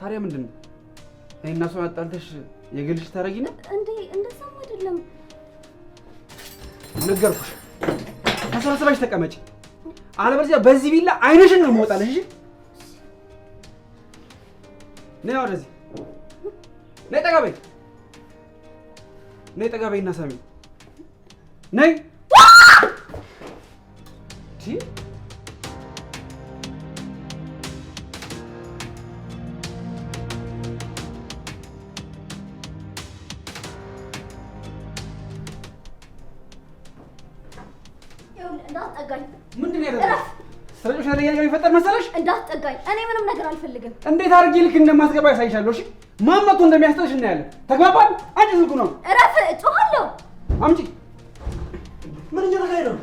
ታዲያ ምንድን ነው? እኔ እና እሷን አጣልተሽ የግልሽ ታደርጊ ነው እንዴ? እንደዛም አይደለም። ነገርኩሽ። ተሰብስበሽ ተቀመጭ፣ አለበለዚያ በዚህ ቢላ አይንሽን ነው መወጣለሽ። እሺ፣ ነይ ወደዚህ፣ ነይ ጠጋ በይ፣ ነይ ጠጋ በይ እና ሳሚ ነይ አስገባኝ። እኔ ምንም ነገር አልፈልግም። እንዴት አድርጌ ልክ እንደማስገባ ያሳይሻለሁ። እሺ ማን እናያለን። ተግባባን? አንቺ ስልኩ ነው እረፍ። እጮሃለሁ። አምጪ። ምን እያደረግህ ነው?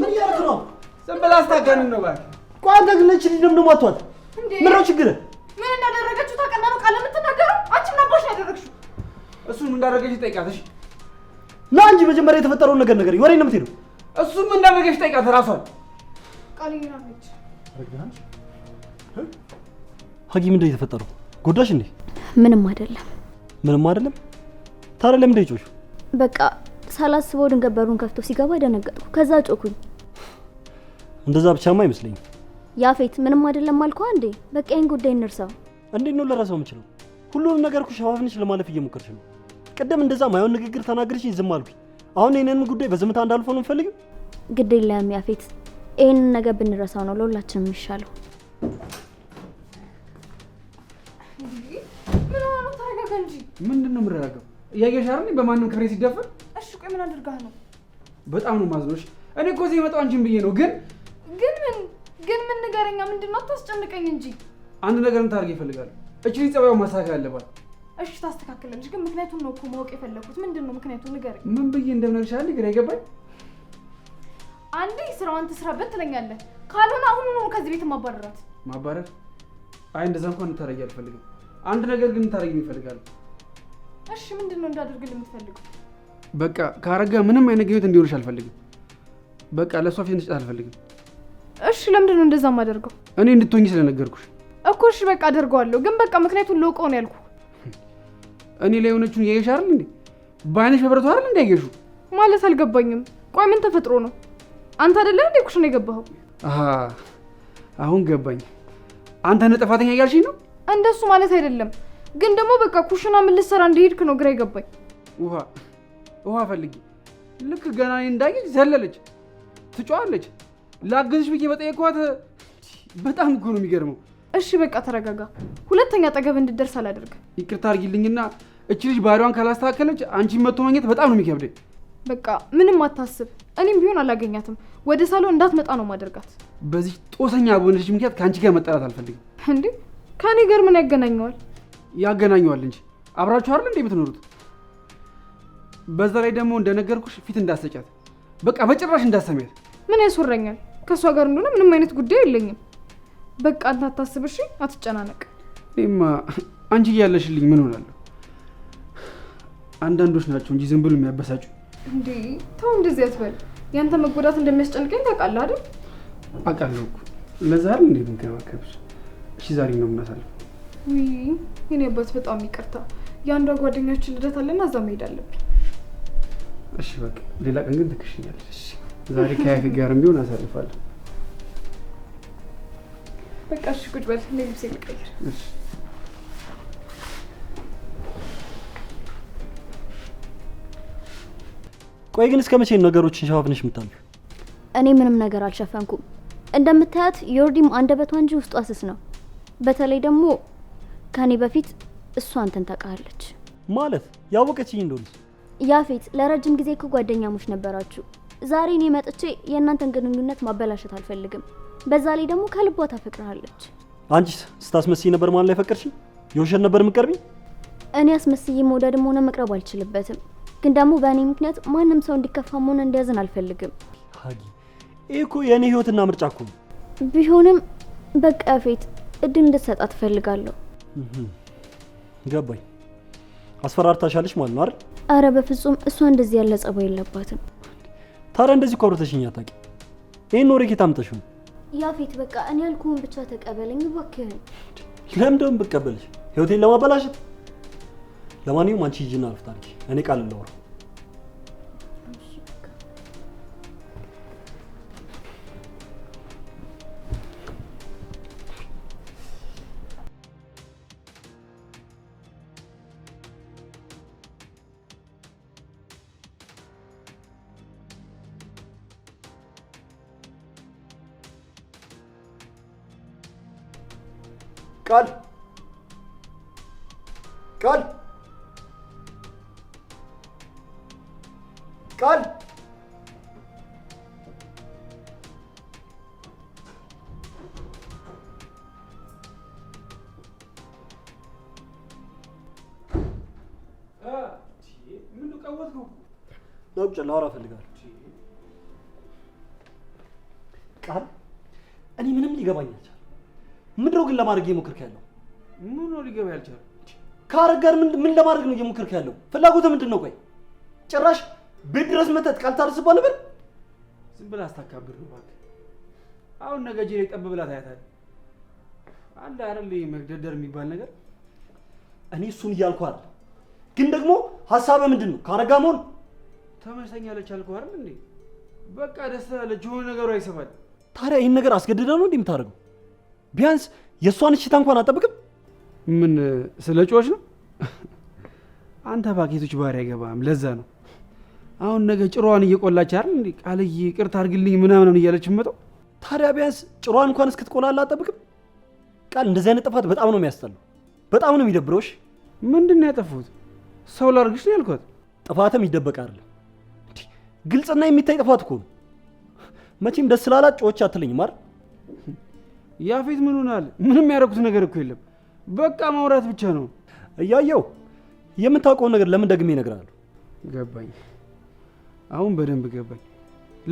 ምን እያደረግህ ነው? ዝም አስታጋንን ነው ባል። ቆይ አንተ ግን ልጅ ልጅ አትዋት። ምን ነው ችግር? ምን እንዳደረገችው ታውቃለህ? ነው ቃል የምትናገረው አንቺ ምን አባሽ ያደረግሽው? እሱን እንዳደረገች ጠይቃት። እሺ ና እንጂ መጀመሪያ የተፈጠረውን ነገር ነገር ወሬ ነው የምትሄደው። እንዳደረገች ጠይቃት ቃል ሀጊ ምንድን ነው የተፈጠረው? ጎዳሽ እንዴ? ምንም አይደለም። ምንም አይደለም? ታዲያ ለምን ጮሽ? በቃ ሳላስበው ድንገት በሩን ከፍቶ ሲገባ ደነገጥኩ። ከዛ ጮኩኝ። እንደዛ ብቻማ አይመስለኝም። ያፌት ምንም አይደለም አልኩህ እንዴ። በቃ ይሄን ጉዳይ እንርሳው። እንዴት ነው ልረሳው የምችለው? ሁሉንም ነገር እኮ ሸፋፍንሽ ለማለፍ እየሞከርሽ ነው። ቅድም እንደዛ ማይሆን ንግግር ተናግርሽ ዝም አልኩኝ። አሁን ይሄንን ጉዳይ በዝምታ እንዳልፎ ነው የምፈልገው። ግድ የለም ያፌት፣ ይሄንን ነገር ብንረሳው ነው ለሁላችንም የሚሻለው። ነው እንጂ ምንድን ነው የምረጋገው? እያየሽ አይደል በማንም ክብሬ ሲደፈር። እሺ ቆይ ምን አድርጋህ ነው? በጣም ነው ማዝኖሽ። እኔ እኮ እዚህ የመጣው አንቺን ብዬ ነው። ግን ግን ምን ግን ምን ንገረኛ። ምንድን ነው አታስጨንቀኝ እንጂ አንድ ነገር እንታደርግ እፈልጋለሁ። እቺ ጸባዩን ማስተካከል አለባት። እሺ ታስተካክላለች። ግን ምክንያቱም ነው እኮ ማወቅ የፈለኩት። ምንድን ነው ምክንያቱም ንገረኝ። ምን ብዬ እንደምነግርሻል ግራ ይገባኝ። አንዴ ስራዋን ትስራበት ትለኛለህ፣ ካልሆነ አሁን ከዚህ ቤት ማባረራት። ማባረር? አይ እንደዛ እንኳን እንታረጊ አልፈልግም አንድ ነገር ግን ታደርጊ ይፈልጋል። እሺ ምንድን ነው እንዳደርግልህ የምትፈልገው? በቃ ካረገ ምንም አይነት ግኝት እንዲሆንሽ አልፈልግም። በቃ ለእሷ ፊት እንድትጨት አልፈልግም። እሺ ለምንድን ነው እንደዛ የማደርገው? እኔ እንድትሆኝ ስለነገርኩሽ እኮ። እሺ በቃ አደርገዋለሁ፣ ግን በቃ ምክንያቱን ልውቀው ነው ያልኩ። እኔ ላይ የሆነችውን ያየሽ አይደል እንዴ? በአይነሽ በብረቱ አይደል እንዴ ያየሽው? ማለት አልገባኝም። ቆይ ምን ተፈጥሮ ነው? አንተ አይደለህ እንዴ ኩሽና የገባኸው? አሁን ገባኝ። አንተ ነህ ጥፋተኛ እያልሽኝ ነው እንደሱ ማለት አይደለም፣ ግን ደግሞ በቃ ኩሽና ምን ልትሰራ እንደሄድክ ነው ግራ ይገባኝ። ውሃ ውሃ ፈልጊ። ልክ ገና እኔ እንዳየች ዘለለች፣ ትጮዋለች። ላግዝሽ ብዬ በጠየኳት በጣም እኮ ነው የሚገርመው። እሺ በቃ ተረጋጋ፣ ሁለተኛ ጠገብ እንድደርስ አላደርግ። ይቅርታ አድርጊልኝና እች ልጅ ባህሪዋን ካላስተካከለች አንቺን መቶ ማግኘት በጣም ነው የሚከብደኝ። በቃ ምንም አታስብ፣ እኔም ቢሆን አላገኛትም። ወደ ሳሎን እንዳትመጣ ነው ማደርጋት። በዚህ ጦሰኛ በሆነች ምክንያት ከአንቺ ጋር መጠራት አልፈልግም። እንዴ ከኔ ጋር ምን ያገናኘዋል? ያገናኘዋል እንጂ አብራችሁ አይደል እንዴ የምትኖሩት? በዛ ላይ ደግሞ እንደነገርኩሽ ፊት እንዳሰጫት፣ በቃ በጭራሽ እንዳሰሚያት። ምን ያስወረኛል? ከእሷ ጋር እንደሆነ ምንም አይነት ጉዳይ የለኝም። በቃ አንተ አታስብሽ አትጨናነቅ። እኔማ አንቺ እያለሽልኝ ምን ሆናለሁ? አንዳንዶች ናቸው እንጂ ዝም ብሎ የሚያበሳጩ። እንዴ ተው እንደዚህ አትበል። ያንተ መጎዳት እንደሚያስጨንቀኝ ታውቃለህ አይደል? አውቃለሁ እኮ ለዛ አይደል እንዴ የምንከባከብሽ ኪዛሪ ነው የምናሳልፍ። ውይ የኔ አባት በጣም ይቅርታ። የአንዷ ጓደኛችን ልደት አለና እዛ መሄድ አለብኝ። እሺ በቃ ሌላ ቀን ግን ትክሽኛለሽ። ዛሬ ከያክ ጋርም ቢሆን አሳልፋለሁ። በቃ እሺ ቁጭ በል፣ እኔ ልብሴ ልቀይር። እሺ ቆይ ግን እስከ መቼ ነገሮችን ሸፋፍንሽ የምታምቢው? እኔ ምንም ነገር አልሸፈንኩም። እንደምታያት ዮርዲም አንደበቷ እንጂ ውስጧ ስስ ነው። በተለይ ደግሞ ከኔ በፊት እሷ አንተን ታውቃለች ማለት ያወቀችኝ እንደሆነ ያፌት ለረጅም ጊዜ እኮ ጓደኛሞች ነበራችሁ ዛሬ እኔ መጥቼ የእናንተን ግንኙነት ማበላሸት አልፈልግም በዛ ላይ ደግሞ ከልቧ ታፈቅርሃለች አንቺስ ስታስመስይ ነበር ማን ላይ ፈቀርሽ የውሸት ነበር የምትቀርቢ እኔ አስመስዬ መውደድም ሆነ መቅረብ አልችልበትም ግን ደግሞ በእኔ ምክንያት ማንም ሰው እንዲከፋም ሆነ እንዲያዝን አልፈልግም ሀጊ ይህ እኮ የእኔ ህይወትና ምርጫ እኮ ቢሆንም በቃ ያፌት እድል እንድትሰጣ እፈልጋለሁ። ገባኝ። አስፈራርታሻለች ማለት ነው አይደል? አረ በፍጹም እሷ እንደዚህ ያለ ጸባይ የለባትም። ታዲያ እንደዚህ እኮ አውርተሽኝ አታውቂም። ይሄን ወሬ ከየት አምጥተሽው ነው? ያፌት በቃ እኔ ያልኩህን ብቻ ተቀበለኝ እባክህን። ለምንድነው ብቀበልሽ ህይወቴን ለማበላሸት? ለማንኛውም አንቺ ሂጂና አረፍት እኔ ቃል ልለወራ Kal. Kal. Kal. لو جلارة في ለማድረግ እየሞከርክ ያለው? ምን ነው ሊገባ ያልቻለ? ከአረግ ጋር ምን ለማድረግ ነው እየሞከርክ ያለው? ፍላጎት ምንድን ነው? ቆይ ጭራሽ ቤት ድረስ መተት ቃል ታደርስባ ነበር። ዝም ብላ አስታካብር ነው እባክህ። አሁን ነገ ጅሬ ጠብ ብላ ታያታል። አንድ አይደል መግደደር የሚባል ነገር። እኔ እሱን እያልኩ ግን ደግሞ ሀሳብህ ምንድን ነው? ከአረጋ መሆን ተመችቶኛለች አልኩህ አይደል እንዴ? በቃ ደስ ትላለች፣ የሆነ ነገሩ አይሰፋል። ታዲያ ይህን ነገር አስገድዳ ነው እንዴ የምታደርገው? ቢያንስ የእሷን እሽታ እንኳን አጠብቅም። ምን ስለ ጮች ነው? አንተ ባኬቶች ባህሪ አይገባም። ለዛ ነው አሁን ነገ ጭሯዋን እየቆላች አይደል እንዴ? ቃልዬ አድርግልኝ ምናምን እያለች የምመጣው። ታዲያ ቢያንስ ጭሯዋን እንኳን እስክትቆላ አላጠብቅም። ቃል እንደዚህ አይነት ጥፋት በጣም ነው የሚያስጠላው፣ በጣም ነው የሚደብረውሽ። ምንድን ነው ያጠፉት? ሰው ላርግሽ ነው ያልኳት። ጥፋትም ይደበቅ አይደለም ግልጽና የሚታይ ጥፋት እኮ ነው። መቼም ደስ ስላላት ጮች አትለኝም አይደል ያፌት ምን ሆናል? ምንም ያደረኩት ነገር እኮ የለም። በቃ ማውራት ብቻ ነው። እያየው የምታውቀውን ነገር ለምን ደግሜ ይነግራሉ? ገባኝ። አሁን በደንብ ገባኝ።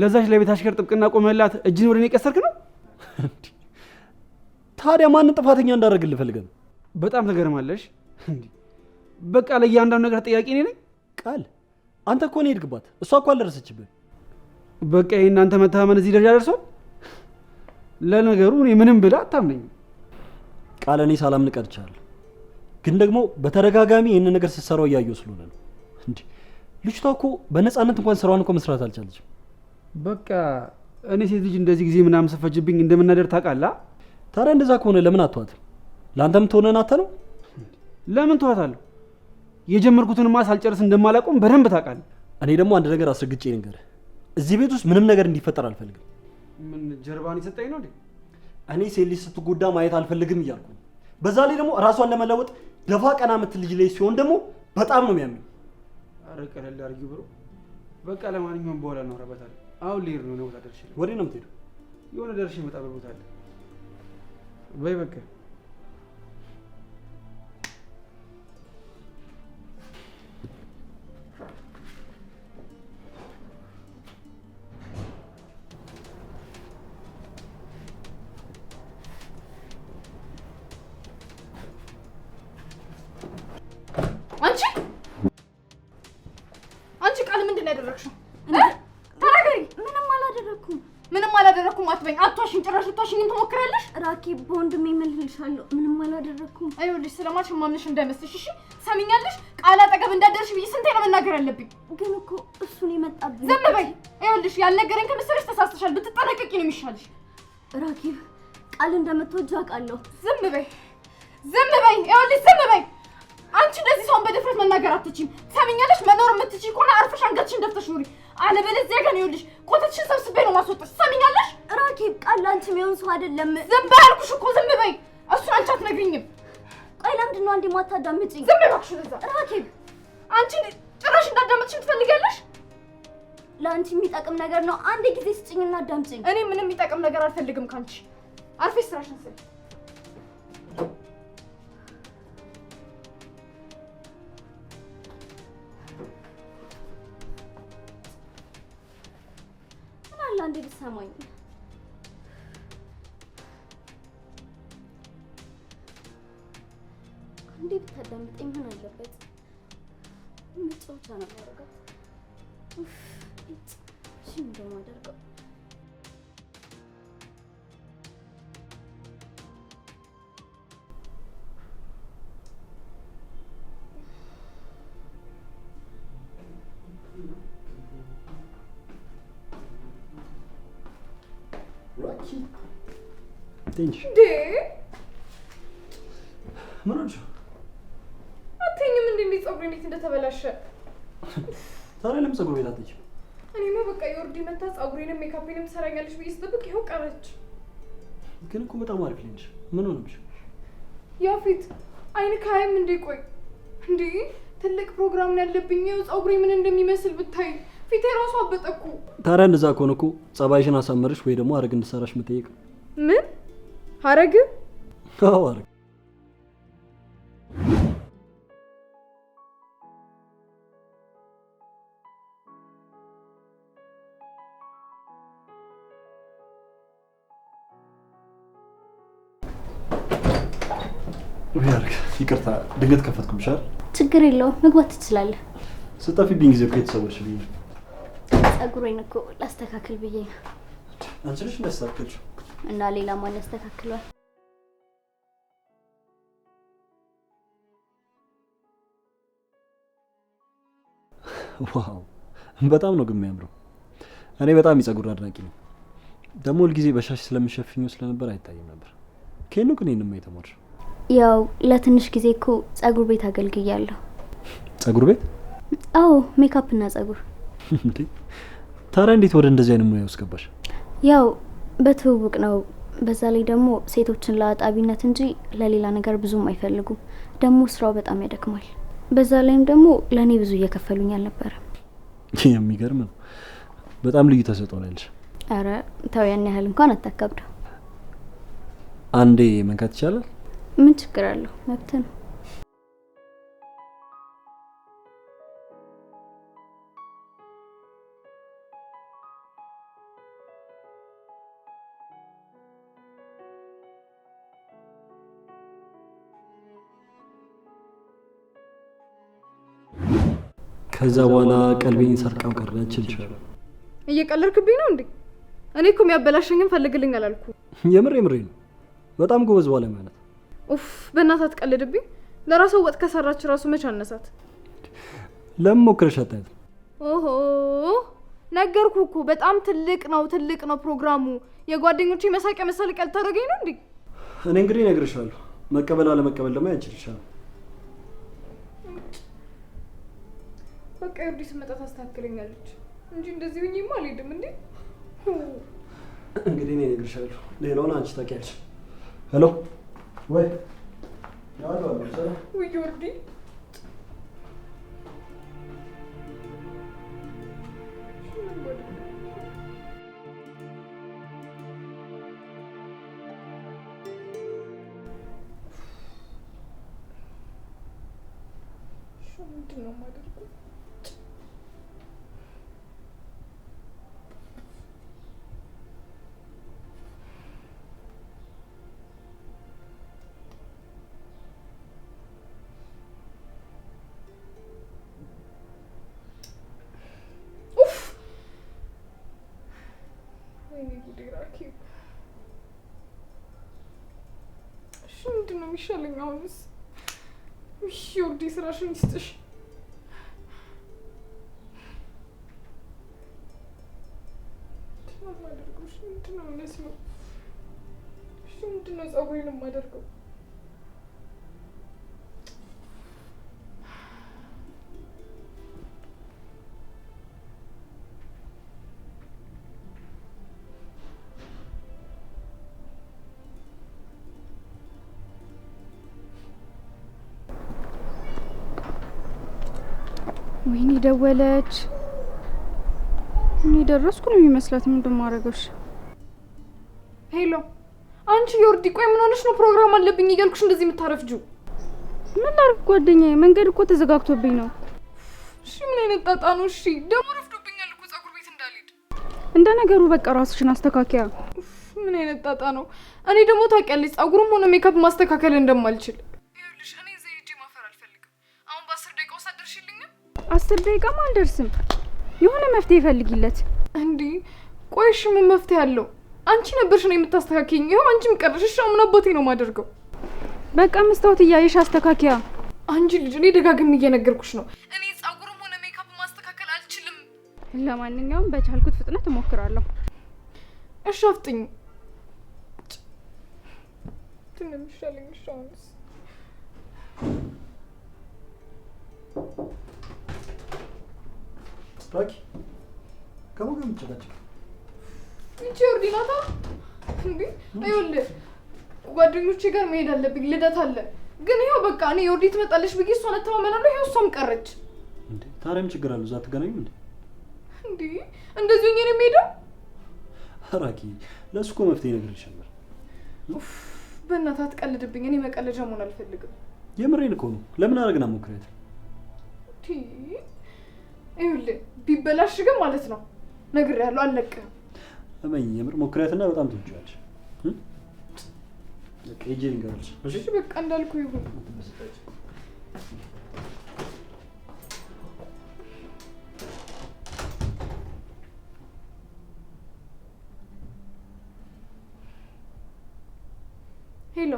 ለዛች ለቤት አሽከር ጥብቅና ቆመላት እጅን ወደ እኔ ቀሰርክ ነው። ታዲያ ማንን ጥፋተኛ እንዳደረግልህ ፈልገህ በጣም ትገርማለሽ። በቃ ለእያንዳንዱ ነገር ጥያቄ እኔ ነኝ። ቃል አንተ እኮ ነው የሄድክባት፣ እሷ እኮ አልደረሰችብህ። በቃ የእናንተ መተማመን እዚህ ደረጃ ደርሷል። ለነገሩ እኔ ምንም ብላ አታምነኝም። ቃል እኔ ሳላምን ቀርቻለሁ። ግን ደግሞ በተደጋጋሚ ይህንን ነገር ስትሰራው እያየሁ ስለሆነ ነው። እንዴ ልጅቷ እኮ በነፃነት እንኳን ስራዋን እኮ መስራት አልቻለችም። በቃ እኔ ሴት ልጅ እንደዚህ ጊዜ ምናምን ስፈጅብኝ እንደምናደር ታውቃላ ታዲያ እንደዛ ከሆነ ለምን አትዋትም? ለአንተም ትሆነን አተ ነው ለምን ትዋታለሁ? የጀመርኩትንማ ሳልጨርስ እንደማላቆም በደንብ ታውቃለህ። እኔ ደግሞ አንድ ነገር አስረግጬ ነገር እዚህ ቤት ውስጥ ምንም ነገር እንዲፈጠር አልፈልግም። ምን ጀርባን የሰጠኝ ነው እንዴ? እኔ ሴት ልጅ ስትጎዳ ማየት አልፈልግም እያልኩ በዛ ላይ ደግሞ ራሷን ለመለወጥ ደፋ ቀና የምትል ልጅ ላይ ሲሆን ደግሞ በጣም ነው የሚያምኝ። አረ ቀለል አርጊ ብሎ በቃ ለማንኛውም በኋላ እናወራበታለን። አሁን ልሄድ ነው። የሆነ ቦታ ደርሼ ወዴት ነው የምትሄደው? የሆነ ደርሼ እመጣበት ቦታ አለ። በይ በቃ ያደረግሽው? ተናገሪ። ምንም አላደረግኩም። ምንም አላደረግኩም አትበኝ። አቷሽኝ፣ ጭራሽ ልቷሽኝ ትሞክራለሽ። ራኬብ በወንድሜ እምልልሻለሁ፣ ምንም አላደረግኩም። ይኸውልሽ ስለማልሽ ማምነሽ እንዳይመስልሽ እሺ? ሰሚኛለሽ? ቃል አጠገብ እንዳደርሽ ብዬሽ ስንቴ ነው መናገር ያለብኝ? ግን እኮ እሱን የመጣብኝ። ዝም በይ። ይኸውልሽ ያልነገረኝ ከመሰለሽ ተሳስተሻል። ብትጠነቀቂ ነው የሚሻልሽ። ራኬብ ቃል እንደምትወጂው አውቃለሁ። ዝም በይ፣ ዝም በይ፣ ይኸውልሽ ዝም በይ። አንቺ እንደዚህ ሰውን በድፍረት መናገር አትችይም። ሰሚኛለሽ? መኖር የምትችይ ከሆነ አርፈሽ አንገትሽን ደፍተሽ ኑሪ። አለበለዚያ ግን ይኸውልሽ ኮተትሽን ሰብስቤ ነው ማስወጣሽ። ሰሚኛለሽ? ራኬብ ቃል አንቺ የሚሆን ሰው አይደለም። ዝም በይ አልኩሽ እኮ ዝም በይ። እሱን አንቺ አትነግሪኝም። ቆይ ለምንድን ነው አንዴ የማታዳምጪኝ? ዝም በይ እባክሽ። ለዛ ራኬብ አንቺ ጭራሽ እንዳዳመጥሽኝ ትፈልጊያለሽ? ለአንቺ የሚጠቅም ነገር ነው አንድ ጊዜ ስጭኝና አዳምጪኝ። እኔ ምንም የሚጠቅም ነገር አልፈልግም ካንቺ። አርፈሽ ስራሽን ስሪ። አይሰማኝም። አንዴ ብታዳምጠኝ ምን አለበት? መጫወቻ ነው ማረጋት አደርገው aqui. Entende? De? ምን ሆንሽ? አትይኝም እንዴ? እንዴት ጸጉሬ እንዴት እንደተበላሸ ዛሬ ለምን ጸጉር ቤት አትሄጂም? እኔማ በቃ የወርድ መታ ጸጉሬንም ሜካፔንም ትሰራኛለች ብዬ ስጠብቅ ይኸው ቀረች። ግን እኮ በጣም አሪፍ ልንሽ። ምን ሆንሽ? ያ ፊት አይን ካይም እንዴ? ቆይ እንዴ ትልቅ ፕሮግራም ያለብኝ ጸጉሬ ምን እንደሚመስል ብታይ ፊቴ ራሱ አበጠ እኮ። ታዲያ እንደዛ ከሆነ እኮ ጸባይሽን አሳመርሽ ወይ ደግሞ አረግ እንድሰራሽ መጠየቅ። ምን አረግ? አዎ ሀረግ። ይቅርታ ድንገት ከፈትኩ ብሻል። ችግር የለውም መግባት ትችላለህ። ስጠፊብኝ ጊዜ እኮ የተሰወችብኝ ጸጉሬን እኮ ላስተካክል ብዬ ነው። አንቺ ነሽ እንዳስተካክልሽ እና ሌላ ማን ያስተካክሏል? ዋው በጣም ነው ግን የሚያምረው። እኔ በጣም የጸጉር አድናቂ ነው። ደግሞ ሁልጊዜ በሻሽ ስለምሸፍኙ ስለነበር አይታይም ነበር። ኬኑ ግን ይህንማ የተማርሽ? ያው ለትንሽ ጊዜ እኮ ጸጉር ቤት አገልግያለሁ። ጸጉር ቤት? አዎ ሜካፕ እና ጸጉር ታዲያ እንዴት ወደ እንደዚህ አይነት ሙያ ውስጥ ያው በትውውቅ ነው። በዛ ላይ ደግሞ ሴቶችን ለአጣቢነት እንጂ ለሌላ ነገር ብዙም አይፈልጉም። ደግሞ ስራው በጣም ያደክማል። በዛ ላይም ደግሞ ለእኔ ብዙ እየከፈሉኝ አልነበረም። የሚገርም ነው። በጣም ልዩ ተሰጥኦ ነው ያለሽ። አረ ተው፣ ያን ያህል እንኳን አታካብደው። አንዴ መንካት ይቻላል። ምን ችግር አለው? መብት ነው። ከዛ በኋላ ቀልቤን ሰርቀው ቀረች። እልሻለሁ። እየቀለድክብኝ ነው እንዴ? እኔ እኮ የሚያበላሸኝም ፈልግልኝ አላልኩ። የምሬ ምሬ ነው። በጣም ጎበዝ በኋላ ማለት ኡፍ፣ በእናትህ አትቀልድብኝ። ለራሱ ወጥ ከሰራች ራሱ መች አነሳት። ለምን ሞክረሽ አታያትም? ኦሆ ነገርኩ እኮ በጣም ትልቅ ነው ትልቅ ነው ፕሮግራሙ። የጓደኞቼ መሳቂያ መሳለቂያ ልታደርገኝ ነው እንዴ? እኔ እንግዲህ እነግርሻለሁ፣ መቀበል አለመቀበል ደግሞ ያችልሻል። በቃ የወዲህ ስመጣ ታስተካክለኛለች እንጂ እንደዚህ ሁኜማ አልሄድም። እንዴ እንግዲህ እኔ እነግርሻለሁ፣ ሌላውን አንቺ ታውቂያለሽ። ሄሎ ወይ ያለ ሰላ ውይ ወርዲ የሚሻለኝ አሁንስ። ውይ ወርዲ ስራሽን ይስጥሽ። ምንድነው ማደርገው? ምንድነው እነዚህ ነው? ምንድነው የማደርገው? ደወለች። እኔ ደረስኩ ነው የሚመስላት። ምን ማድረገሽ? ሄሎ አንቺ ዮርዲ፣ ቆይ ምን ሆነሽ ነው? ፕሮግራም አለብኝ እያልኩሽ እንደዚህ የምታረፍጁ? ምን ላድርግ ጓደኛዬ፣ መንገድ እኮ ተዘጋግቶብኝ ነው። እሺ ምን አይነት ጣጣ ነው? እሺ ደግሞ ረፍዶብኛል እኮ ጸጉር ቤት እንዳልሄድ። እንደ ነገሩ በቃ ራስሽን አስተካከያ። ምን አይነት ጣጣ ነው? እኔ ደግሞ ታውቂያለሽ፣ ጸጉርም ሆነ ሜካፕ ማስተካከል እንደማልችል አስር ደቂቃም አልደርስም። የሆነ መፍትሄ ይፈልግለት። እንዴ። ቆይሽ ምን መፍትሄ አለው? አንቺ ነበርሽ ነው የምታስተካክኝ። ይኸው አንቺም ቀረሽ። እሺ ምን አባቴ ነው የማደርገው? በቃ መስታወት እያየሽ አስተካከያ። አንቺ ልጅ፣ እኔ ደጋግሜ እየነገርኩሽ ነው። እኔ ጸጉርም ሆነ ሜካፕ ማስተካከል አልችልም። ለማንኛውም በቻልኩት ፍጥነት እሞክራለሁ። እሺ አፍጥኝ። ትንሽ Bak. ከሞገ ምጨቃጭቅ ይቺ ኦርዲናታ እንዴ? ይኸውልህ ጓደኞቼ ጋር መሄድ አለብኝ፣ ልደት አለ። ግን ይኸው በቃ እኔ የወርዲ ትመጣለች ብዬ እሷን እተማመናለሁ። ይኸው እሷም ቀረች። እንዴ ችግር አለው? እዛ አትገናኙም እንዴ? እንዴ እንደዚህ ሆኜ ነው የምሄደው? አራቂ ለእሱ እኮ መፍትሄ ነግሬሽ ነበር። ኡፍ በእናትህ አትቀልድብኝ። እኔ መቀለጃ መሆን አልፈልግም። የምሬን እኮ ነው። ለምን አደረግና ሞክሬት ይኸውልህ ቢበላሽ ግን ማለት ነው ነግሬሃለሁ፣ አልለቅህም። እመኝ የምር ሞክሪያትና በጣም ትወጂዋለሽ። በቃ ሂጅ እሺ በቃ ይሁን። ሄሎ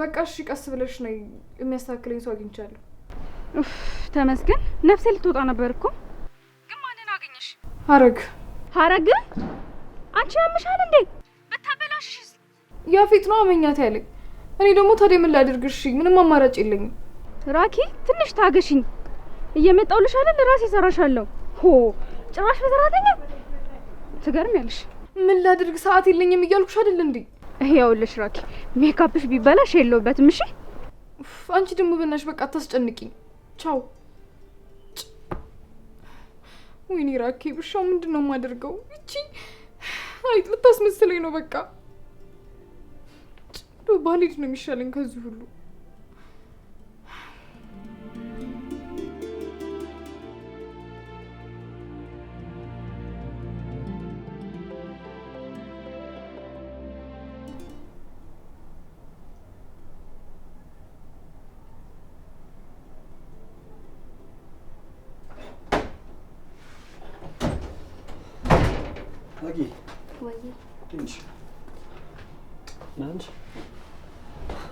በቃ እሺ፣ ቀስ ብለሽ ነው የሚያስተካክለኝ ሰው አግኝቻለሁ። ተመስገን ነፍሴ ልትወጣ ነበር እኮ። ግን ማንን አገኘሽ? ሀረግ ሀረግ፣ አንቺ ያምሻል እንዴ? ብታበላሽሽስ? ያፌት ነው አመኛት ያለኝ። እኔ ደግሞ ታዲያ ምን ላድርግሽ? ምንም አማራጭ የለኝም። ራኪ ትንሽ ታገሽኝ፣ እየመጣሁልሽ አይደል? ራሴ እሰራሻለሁ። ሆ ጭራሽ በሰራተኛ ትገርሚያለሽ። ምን ላድርግ ሰዓት የለኝም እያልኩሽ አይደል እንዴ? ያውልሽ ራኪ ሜካፕሽ ቢበላሽ የለውበትም። እሺ አንቺ ደግሞ ብናሽ በቃ አታስጨንቂኝ። ቻው። ወይኔ ራኬ ብሻው፣ ምንድን ነው የማደርገው? እቺ አይጥ ልታስመስለኝ ነው። በቃ ባልሄድ ነው የሚሻለኝ ከዚህ ሁሉ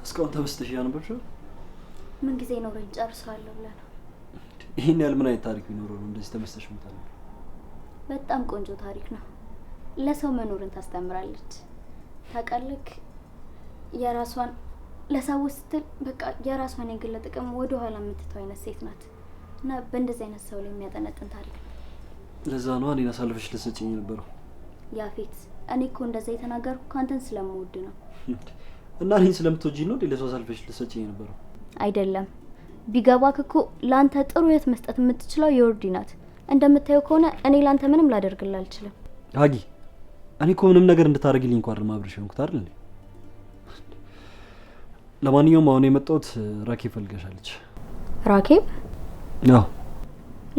እስካሁን ተመስተሽ ያነበብሽው ምን ጊዜ ኖረኝ ጨርሰዋለሁ ብለህ ነው? ይህን ያህል ምን አይነት ታሪክ ቢኖረው ነው እንደዚህ ተበስተሽ ምታለ? በጣም ቆንጆ ታሪክ ነው። ለሰው መኖርን ታስተምራለች። ታውቃለህ፣ የራሷን ለሰዎች ስትል በቃ የራሷን የግል ጥቅም ወደኋላ የምትተው አይነት ሴት ናት እና በእንደዚህ አይነት ሰው ላይ የሚያጠነጥን ታሪክ ነው። ለዛ ነዋ እኔን አሳልፈሽ ልትሰጪኝ የነበረው። ያፌት እኔ እኮ እንደዛ የተናገርኩ ካንተን ስለምወድ ነው። እና እኔን ስለምትወጂ ነው ለሰው አሳልፈሽ ልሰጭ የነበረው? አይደለም ቢገባክ እኮ ለአንተ ጥሩ የት መስጠት የምትችለው የወርዲ ናት። እንደምታየው ከሆነ እኔ ለአንተ ምንም ላደርግልህ አልችልም። ሀጊ እኔ እኮ ምንም ነገር እንድታደርግልኝ እንኳን አብሬሽ ሆንኩት አይደል እንዴ? ለማንኛውም አሁን የመጣሁት ራኬብ ፈልገሻለች። ራኬብ? አዎ።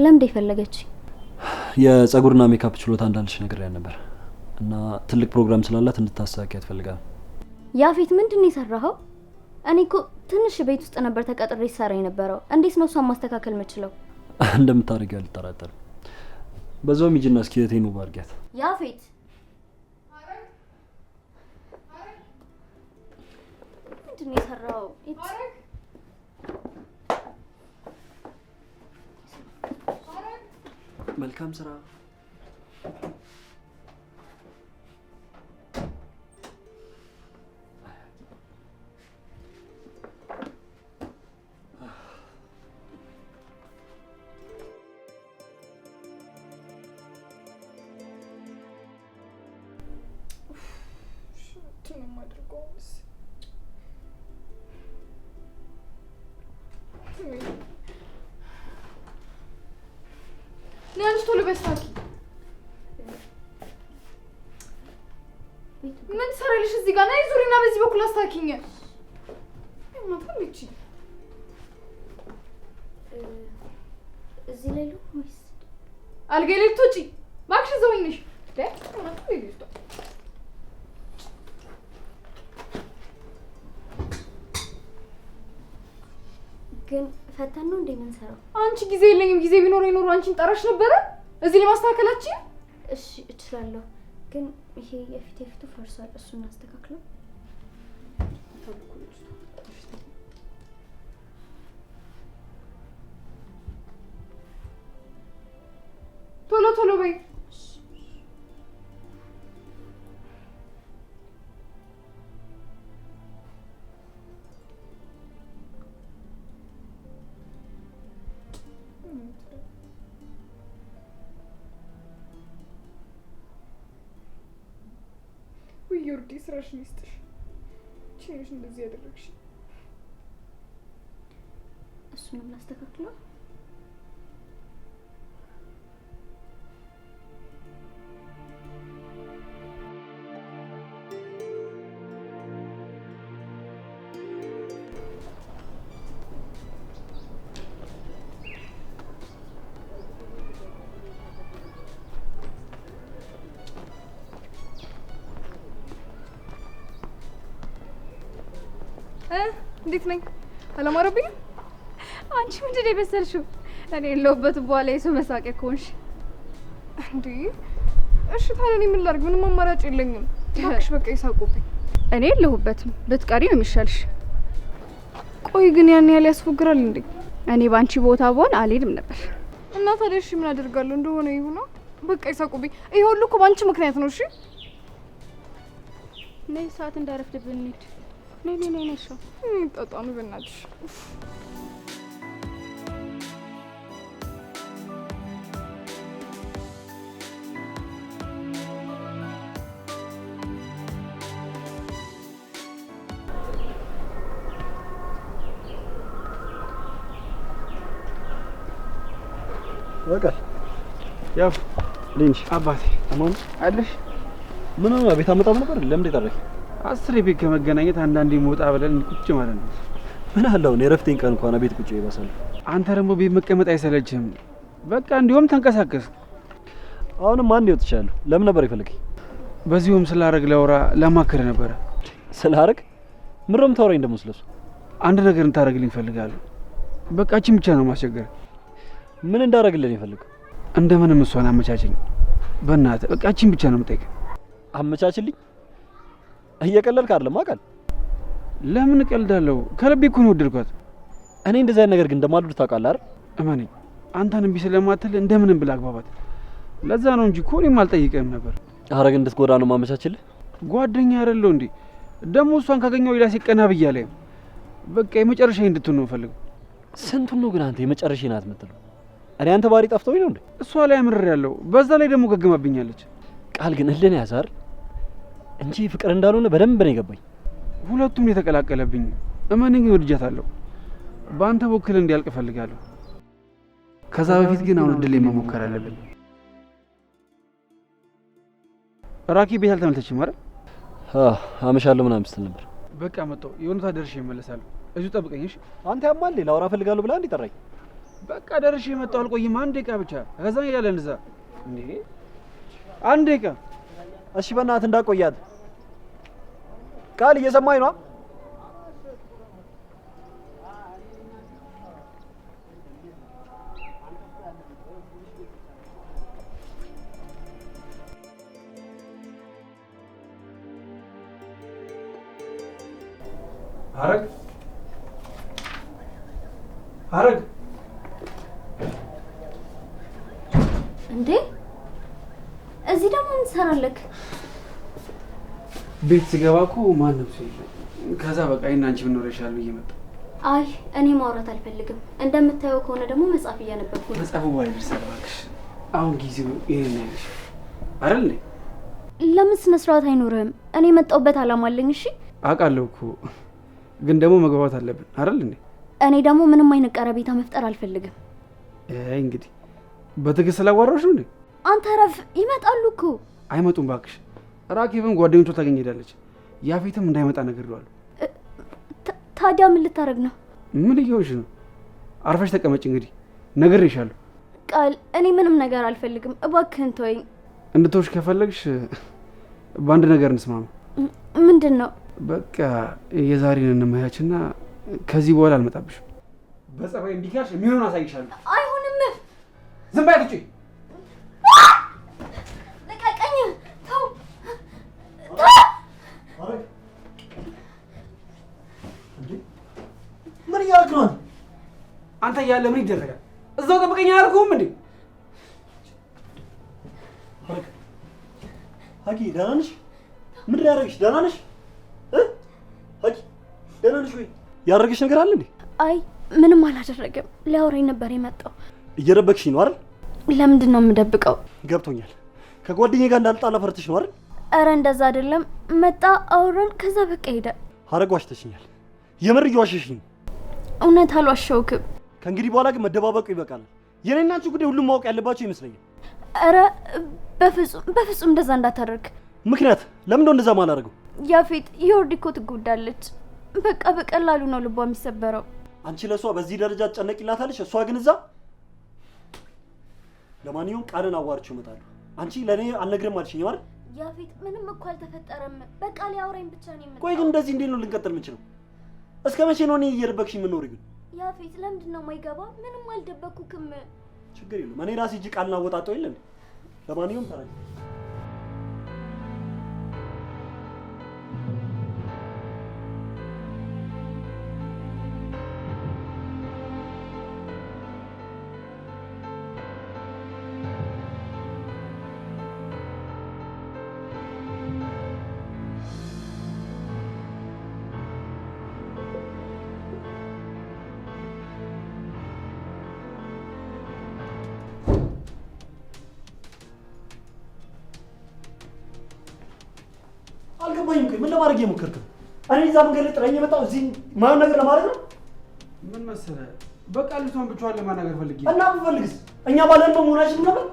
ለምንድን የፈለገች? የጸጉርና ሜካፕ ችሎታ እንዳለች ነገር ነግሬያት ነበር። እና ትልቅ ፕሮግራም ስላላት እንድታሳካ ያትፈልጋል። ያፌት ምንድን የሰራኸው? እኔ እኮ ትንሽ ቤት ውስጥ ነበር ተቀጥሬ ይሰራ የነበረው። እንዴት ነው እሷን ማስተካከል የምችለው? እንደምታደርጊው አልጠራጠርም። በዛውም ሂጂና እስኪ እህቴን ውብ አድርጊያት። ያፌት ምንድን የሰራኸው? መልካም ስራ ልበስ ቶሎ በስ ታውቂ። ምን ትሰሪያለሽ እዚህ ጋር? ነይ ዙሪና በዚህ በኩል አስታኪኝ። ማፈልቺ እዚህ ላይ ወይስ አልጋዬ ላይ ልትወጪ? እባክሽ እዛው ነሽ። ግን ፈተን ነው እንደምንሰራው። አንቺ ጊዜ የለኝም። ጊዜ ቢኖር ኖሮ አንቺን ጠራሽ ነበረ። እዚህ ላይ እሺ፣ እችላለሁ። ግን ይሄ የፊት የፊቱ ፈርሷል። እሱ እናስተካክለው። ቶሎ ቶሎ በይ ውዴ፣ ስራሽን ይስጥሽ። ቼንሽ እንደዚህ ያደረግሽ እሱንም ላስተካክለው እንዴት ነኝ? አላማረብኝም? አንቺ ምንድን ነው የበሰልሽው? እኔ የለሁበት በኋላ የሰው መሳቂያ ከሆንሽ እንዴ! እሺ ታዲያ እኔ ምን ላድርግ? ምንም አማራጭ የለኝም። እባክሽ በቃ ይሳቁብኝ። እኔ የለሁበትም፣ ብትቀሪ ነው የሚሻልሽ። ቆይ ግን ያን ያህል ያስፎግራል እንዴ? እኔ በአንቺ ቦታ በሆን አልሄድም ነበር። እና ታዲያ እሺ ምን አደርጋለሁ? እንደሆነ ይሁና፣ በቃ ይሳቁብኝ። ይሄ ሁሉ እኮ በአንቺ ምክንያት ነው። እሺ ነይ፣ ሰዓት እንዳረፍድብን እንሂድ። ኔ ኔ ኔ ሾ ጣጣኑ በእናትሽ ያው ልንሽ አባቴ ተማም አለሽ ምን ነው ቤት አመጣም ነበር ለምን ደታረክ አስር ቤት ከመገናኘት አንዳንዴ መውጣ ብለን ቁጭ ማለት ነው። ምን አለው የእረፍቴን ቀን እንኳን ቤት ቁጭ ይባሳል። አንተ ደግሞ ቤት መቀመጥ አይሰለችም? በቃ እንዲሁም ተንቀሳቀስ። አሁንም አንድ ይወጥቻለሁ። ለምን ነበር ይፈልገኝ? በዚሁም ስላረግ ለውራ ላማክር ነበረ። ስላረግ ምሮም ታወራኝ ደግሞ አንድ ነገር እንታረግልኝ ይፈልጋል በቃ እችን ብቻ ነው ማስቸገር። ምን እንዳደርግልኝ ይፈልግ? እንደምንም እሷን አመቻችኝ። በእናትህ በቃ እችን ብቻ ነው የምጠይቅ። አመቻችልኝ እየቀለልክ አይደለም አውቃል። ለምን እቀልዳለሁ? ከልቤ እኮ ነው ወደድኳት። እኔ እንደዛ ነገር ግን እንደማልወድ ታውቃለህ አይደል? እመነኝ፣ አንተን እምቢ ስለማትል እንደምንም ብለህ አግባባት። ለዛ ነው እንጂ እኮ እኔም አልጠይቀህም ነበር። ሀረግ እንድትጎዳ ነው ማመቻችልህ። ጓደኛ አይደለሁ እንዴ? ደግሞ እሷን ካገኘው ሌላ ሲቀና ብያለሁ። በቃ የመጨረሻ እንድትሆን ነው ፈልገው። ስንቱን ነው ግን አንተ የመጨረሻ ናት የምትለው? እኔ አንተ ባህሪ ጠፍቶኝ ነው እንዴ? እሷ ላይ አምርር ያለው በዛ ላይ ደግሞ ገግማብኛለች። ቃል ግን እልን ያዛር እንጂ ፍቅር እንዳልሆነ በደንብ ነው የገባኝ። ሁለቱም የተቀላቀለብኝ እመንኝ፣ ግን ወድጃታለሁ። በአንተ በኩል እንዲያልቅ እፈልጋለሁ። ከዛ በፊት ግን አሁን እድል መሞከር አለብኝ። ራኪ ቤት አልተመለሰችም አይደል? አመሻለሁ ምናምን ስትል ነበር። በቃ መጣሁ። የሆነ ሰዓት ደርሼ እመለሳለሁ። እዚሁ ጠብቀኝ እሺ። አንተ ያማል ላውራ እፈልጋለሁ ብላ እንዲ ጠራኝ። በቃ ደርሼ መጣሁ። አልቆይም። አንድ ደቂቃ ብቻ ከዛ ሄዳለን እዛ። እንዴ አንድ ደቂቃ። እሺ በእናትህ እንዳቆያት ቃል እየሰማኝ ነው። አረግ አረግ እንዴ! እዚህ ደግሞ ምን ትሰራለህ? ቤት ስገባ እኮ ማንም ሰው የለም። ከዛ በቃ ይህን አንቺ ምን ኖረሻል ብዬ መጣሁ። አይ እኔ ማውራት አልፈልግም። እንደምታየው ከሆነ ደግሞ መጽሐፍ እያነበብኩ ነው። መጽሐፉ በኋላ ይደርሳል እባክሽ። አሁን ጊዜው ይህን ያለሽ አይደል? ለምን ስነ ስርዓት አይኖርህም? እኔ የመጣሁበት አላማ አለኝ። እሺ አውቃለሁ እኮ ግን ደግሞ መግባባት አለብን አረል። እንዴ እኔ ደግሞ ምንም አይነት ቀረቤታ መፍጠር አልፈልግም። እንግዲህ በትዕግስት ስላዋራሽ ነው። አንተ ረፍ፣ ይመጣሉ እኮ። አይመጡም እባክሽ ራኪብም ጓደኞቿ ታገኝ ሄዳለች። ያፌትም እንዳይመጣ ነገር ይለዋል። ታዲያ ምን ልታደርግ ነው? ምን እየሆንሽ ነው? አርፈሽ ተቀመጭ። እንግዲህ ነግሬሻለሁ። ቃል እኔ ምንም ነገር አልፈልግም። እባክህን ተወኝ። እንድትወሽ ከፈለግሽ በአንድ ነገር እንስማማ። ምንድን ነው? በቃ የዛሬን እንመያችና ከዚህ በኋላ አልመጣብሽም። በጸባይ እንዲካሽ የሚሆን አሳይሻለሁ። አይሁንም። ዝም በይ! እያልክ ነው? አንተ እያለ ምን ይደረጋል? እዛው ጠብቀኝ አያደርገውም እንዴ? ሀቂ ደህና ነሽ? ምን ያደረግሽ? ደህና ነሽ? ሀቂ ደህና ነሽ ወይ? ያደረግሽ ነገር አለ እንዴ? አይ ምንም አላደረገም። ሊያወራኝ ነበር የመጣው። እየደበቅሽ ነው አይደል? ለምንድን ነው የምደብቀው? ገብቶኛል። ከጓደኛዬ ጋር እንዳልጣላ ፈርተሽ ነው አይደል? ኧረ እንደዛ አይደለም። መጣ፣ አውራን፣ ከዛ በቃ ሄደ። ሀረግ ዋሽተሽኛል። የምር እየዋሸሽኝ ነው። እውነት አልዋሻውክም። ከእንግዲህ በኋላ ግን መደባበቁ ይበቃል። የኔ እናንቺ ጉዳይ ሁሉም ማወቅ ያለባቸው ይመስለኛል። እረ በፍጹም በፍጹም እንደዛ እንዳታደርግ። ምክንያት ለምንድነው እንደዛ ማላደርገው? ያፌት የወርድ እኮ ትጎዳለች። በቃ በቀላሉ ነው ልቧ የሚሰበረው። አንቺ ለእሷ በዚህ ደረጃ ትጨነቂላታለች፣ እሷ ግን እዛ። ለማንኛውም ቃልን አዋርቼ እመጣለሁ። አንቺ ለእኔ አልነግርም አልሽኝ ያፌት ምንም እኮ አልተፈጠረም። በቃ ሊያወራኝ ብቻ ነው ቆይ ግን እንደዚህ እንዴት ነው ልንቀጥል ምንችለው። እስከ መቼ ነው እኔ እየደበቅሽ የምኖር? ግን ያፌት ለምንድን ነው የማይገባ? ምንም አልደበኩክም። ችግር የለም እኔ ራሴ እጅ ቃል እናወጣጠው የለ። ለማንኛውም ተራ እየሞከርክ ነው? እኔ እዛ መንገድ ላይ የመጣው እዚህ ማየውን ነገር ለማድረግ ነው? ምን መሰለህ፣ በቃ ልጅቷን ብቻዋን ለማናገር ፈልጌ እና ብፈልግስ እኛ ባለን በመሆናችን ነበር።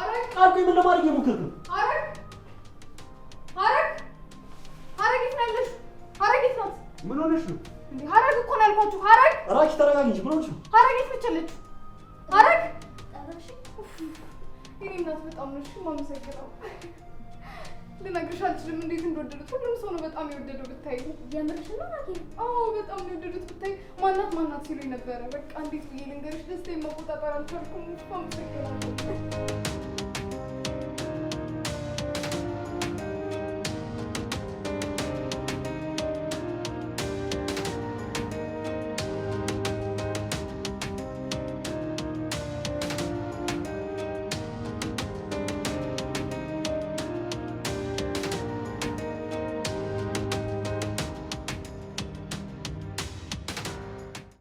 አረ ቃልኩ፣ ምን ለማድረግ እየሞከርክ ነው? አረ አረ አረ ይፍናለሽ። አረ ይፍናት። ምን ሆነሽ ነው? ሀረግ እኮ ነው ያልኳችሁ። ሀረግ ራኪ ተረጋጊ እንጂ ብሎች ነው ሀረግ የት ነች ያለችው? ሀረግ እኔ እናት በጣም ነሽ ልነግርሽ አልችልም እንዴት እንደወደዱት። ሁሉም ሰው ነው በጣም የወደደው ብታይ። የምርሽ ነው ናት? አዎ በጣም የወደዱት ብታይ። ማናት ማናት ሲሉኝ ነበረ። በቃ እንዴት ብዬ ልንገርሽ፣ ደስታዬን መቆጣጠር አልቻልኩም። አመሰግናለሁ።